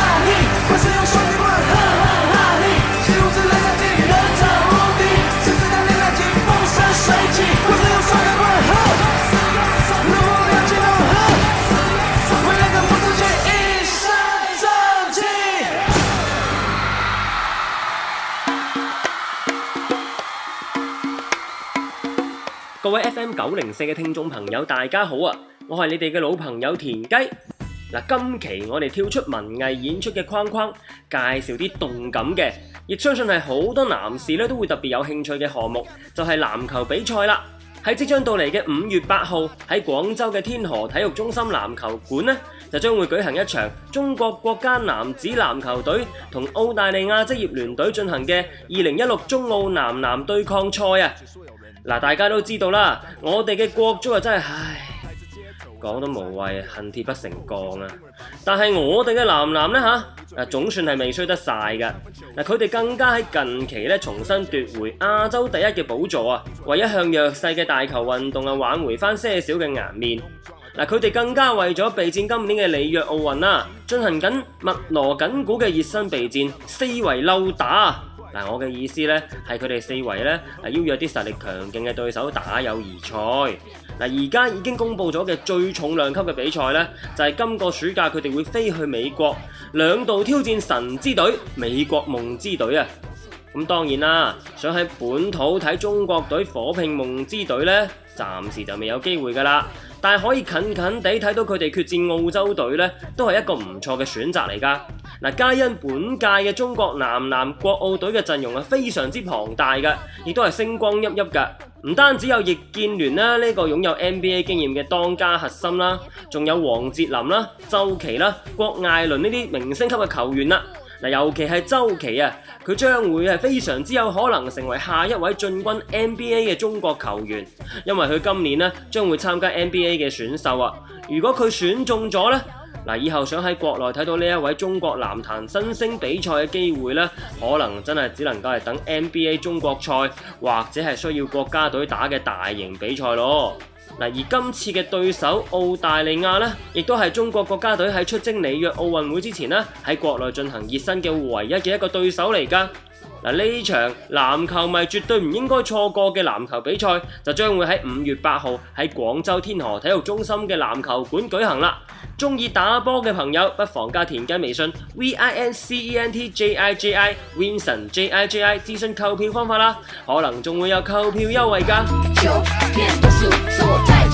各位 FM 九零四嘅聽眾朋友，大家好啊！我係你哋嘅老朋友田雞。嗱，今期我哋跳出文藝演出嘅框框，介紹啲動感嘅，亦相信係好多男士咧都會特別有興趣嘅項目，就係籃球比賽啦。喺即將到嚟嘅五月八號，喺廣州嘅天河體育中心籃球館呢，就將會舉行一場中國國家男子籃球隊同澳大利亞職業聯隊進行嘅二零一六中澳男籃對抗賽啊！大家都知道啦，我哋嘅國足真係唉，講都無謂，恨鐵不成鋼啊！但係我哋嘅男籃呢，吓，總算係未衰得晒㗎。佢哋更加喺近期重新奪回亞洲第一嘅寶座啊，為一向弱勢嘅大球運動啊挽回翻些少嘅顏面。佢哋更加為咗備戰今年嘅里約奧運啊，進行緊密鑼緊鼓嘅熱身備戰，四圍溜打。嗱，我嘅意思咧，係佢哋四圍要邀約啲實力強勁嘅對手打友誼賽。而家已經公布咗嘅最重量級嘅比賽咧，就係今個暑假佢哋會飛去美國兩度挑戰神之隊美國夢之隊啊！咁當然啦，想喺本土睇中國隊火拼夢之隊咧，暫時就未有機會噶啦。但係可以近近地睇到佢哋決戰澳洲隊咧，都係一個唔錯嘅選擇嚟㗎。嗱，皆因本屆嘅中國男籃國奧隊嘅陣容係非常之龐大嘅，亦都係星光熠熠嘅。唔單只有易建聯呢個擁有 NBA 經驗嘅當家核心啦，仲有王哲林啦、周琦啦、郭艾倫呢啲明星級嘅球員啦。尤其係周琦啊，佢將會係非常之有可能成為下一位進軍 NBA 嘅中國球員，因為佢今年呢將會參加 NBA 嘅選秀啊。如果佢選中咗呢，以後想喺國內睇到呢一位中國籃壇新星比賽嘅機會呢，可能真係只能夠係等 NBA 中國賽，或者係需要國家隊打嘅大型比賽咯。嗱，而今次嘅對手澳大利亞呢，亦都係中國國家隊喺出征里約奧運會之前呢，喺國內進行熱身嘅唯一嘅一個對手嚟噶。嗱，呢場籃球迷絕對唔應該錯過嘅籃球比賽，就將會喺五月八號喺廣州天河體育中心嘅籃球館舉行啦。中意打波嘅朋友，不妨加田雞微信 v i n c e n t j i j i winson j i j i 諮詢購票方法啦，可能仲會有購票優惠噶。